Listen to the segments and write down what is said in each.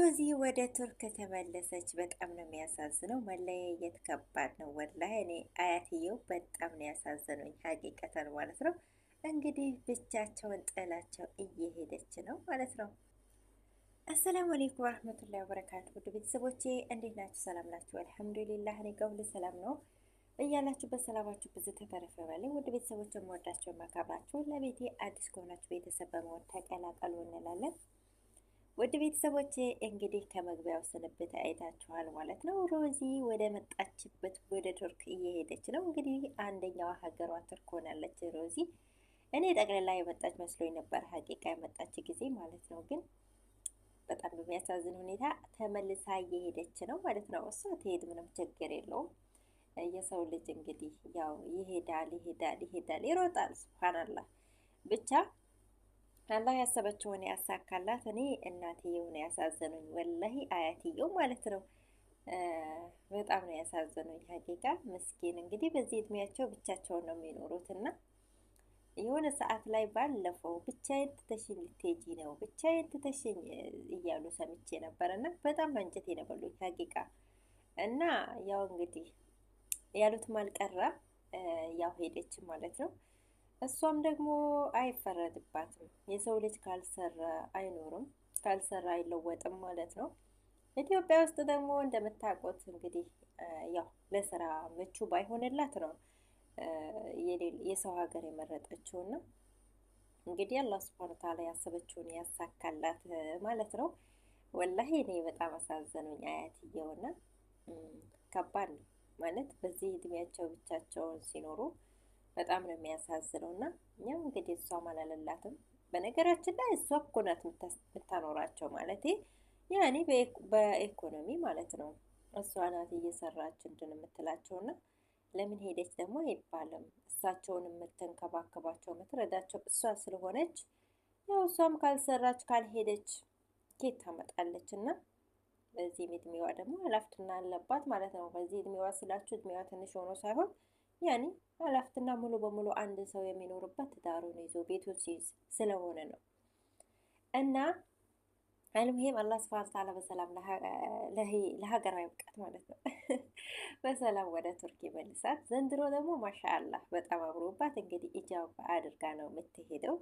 ሮዚ ወደ ቱርክ ተመለሰች። በጣም ነው የሚያሳዝነው። መለያየት ከባድ ነው ወላሂ። እኔ አያትየው በጣም ነው ያሳዘኑኝ ሀቂቀተን ማለት ነው። እንግዲህ ብቻቸውን ጥላቸው እየሄደች ነው ማለት ነው። አሰላሙ አሌይኩም ወረህመቱላሂ ወበረካቱ ውድ ቤተሰቦቼ እንዴት ናችሁ? ሰላም ናችሁ? አልሐምዱሊላህ እኔ ጋር ሁሉ ሰላም ነው። እያላችሁ በሰላማችሁ ብዙ ተተረፈ በላይ። ውድ ቤተሰቦች የምወዳቸው የማከብራችሁ፣ ለቤቴ አዲስ ከሆናችሁ ቤተሰብ በመሆን ተቀላቀሉ እንላለን። ውድ ቤተሰቦቼ እንግዲህ ከመግቢያው ስንብት አይታችኋል ማለት ነው። ሮዚ ወደ መጣችበት ወደ ቱርክ እየሄደች ነው። እንግዲህ አንደኛዋ ሀገሯ ቱርክ ሆናለች ሮዚ። እኔ ጠቅልላ የመጣች መስሎኝ ነበር ሀቂቃ የመጣች ጊዜ ማለት ነው። ግን በጣም በሚያሳዝን ሁኔታ ተመልሳ እየሄደች ነው ማለት ነው። እሷ ትሄድ፣ ምንም ችግር የለውም። የሰው ልጅ እንግዲህ ያው ይሄዳል፣ ይሄዳል፣ ይሄዳል፣ ይሮጣል። ስብሓናላህ ብቻ አላህ ያሰበችውን ያሳካላት። እኔ እናትየውን ያሳዘኑኝ ወላሂ አያትየው ማለት ነው። በጣም ነው ያሳዘኑኝ። ሀቂቃ ምስኪን እንግዲህ በዚህ እድሜያቸው ብቻቸውን ነው የሚኖሩት እና የሆነ ሰዓት ላይ ባለፈው ብቻዬን ትተሽኝ ልትሄጂ ነው ብቻዬን ትተሽኝ እያሉ ሰምቼ ነበር እና በጣም በእንጨት የነበሉኝ ሀቂቃ እና ያው እንግዲህ ያሉትም አልቀራ ያው ሄደች ማለት ነው። እሷም ደግሞ አይፈረድባትም። የሰው ልጅ ካልሰራ አይኖርም፣ ካልሰራ አይለወጥም ማለት ነው። ኢትዮጵያ ውስጥ ደግሞ እንደምታውቁት እንግዲህ ያው ለስራ ምቹ ባይሆንላት ነው የሰው ሀገር የመረጠችው ና እንግዲህ አላህ ሱብሃነሁ ወተዓላ ያሰበችውን ያሳካላት ማለት ነው። ወላሂ እኔ በጣም አሳዘኑኝ አያትየውና ከባድ ነው ማለት በዚህ እድሜያቸው ብቻቸውን ሲኖሩ በጣም ነው የሚያሳዝነው። እና እኛም እንግዲህ እሷም አላለላትም። በነገራችን ላይ እሷ እኮ ናት የምታኖራቸው ማለት ያኔ በኢኮኖሚ ማለት ነው። እሷ ናት እየሰራች እንትን የምትላቸውና ለምን ሄደች ደግሞ አይባልም። እሳቸውን የምትንከባከባቸው የምትረዳቸው እሷ ስለሆነች ያው እሷም ካልሰራች ካልሄደች ኬት ታመጣለች እና በዚህም እድሜዋ ደግሞ ኃላፊነት አለባት ማለት ነው። በዚህ እድሜዋ ስላችሁ እድሜዋ ትንሽ ሆኖ ሳይሆን ያኔ ሀላፊትና ሙሉ በሙሉ አንድ ሰው የሚኖርበት ትዳሩን ይዞ ቤቱን ሲይዝ ስለሆነ ነው። እና አልሙሄም አላህ ስብሃነ ተዓላ በሰላም ለሀገራዊ ብቃት ማለት ነው። በሰላም ወደ ቱርክ ይመልሳት። ዘንድሮ ደግሞ ማሻአላህ በጣም አምሮባት እንግዲህ ኢጃባ አድርጋ ነው የምትሄደው።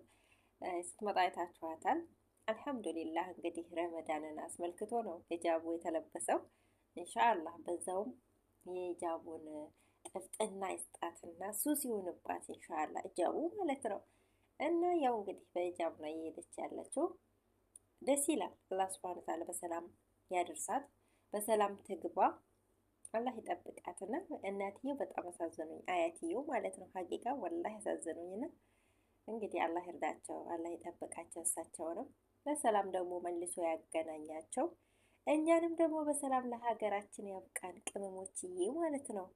ስትመጣ አይታችኋታል። አልሐምዱሊላህ እንግዲህ ረመዳንን አስመልክቶ ነው ኢጃቡ የተለበሰው። ኢንሻአላህ በዛውም የኢጃቡን ጥፍጥና ይስጣትና ሱስ ይሁንባት ኢንሻአላ እጃቡ ማለት ነው። እና ያው እንግዲህ በእጃብ ላይ እየሄደች ያለችው። ደስ ይላል። አላህ ሱብሃነሁ ወተዓላ በሰላም ያደርሳት፣ በሰላም ትግባ፣ አላህ ይጠብቃትና እናትየው በጣም አሳዘኑኝ፣ አያትየው ማለት ነው። ሀቂቃ ወላሂ አሳዘኑኝና እንግዲህ አላህ ይርዳቸው፣ አላህ ይጠብቃቸው። እሳቸውንም በሰላም ደግሞ መልሶ ያገናኛቸው፣ እኛንም ደግሞ በሰላም ለሀገራችን ያብቃን። ቅመሞችዬ ማለት ነው።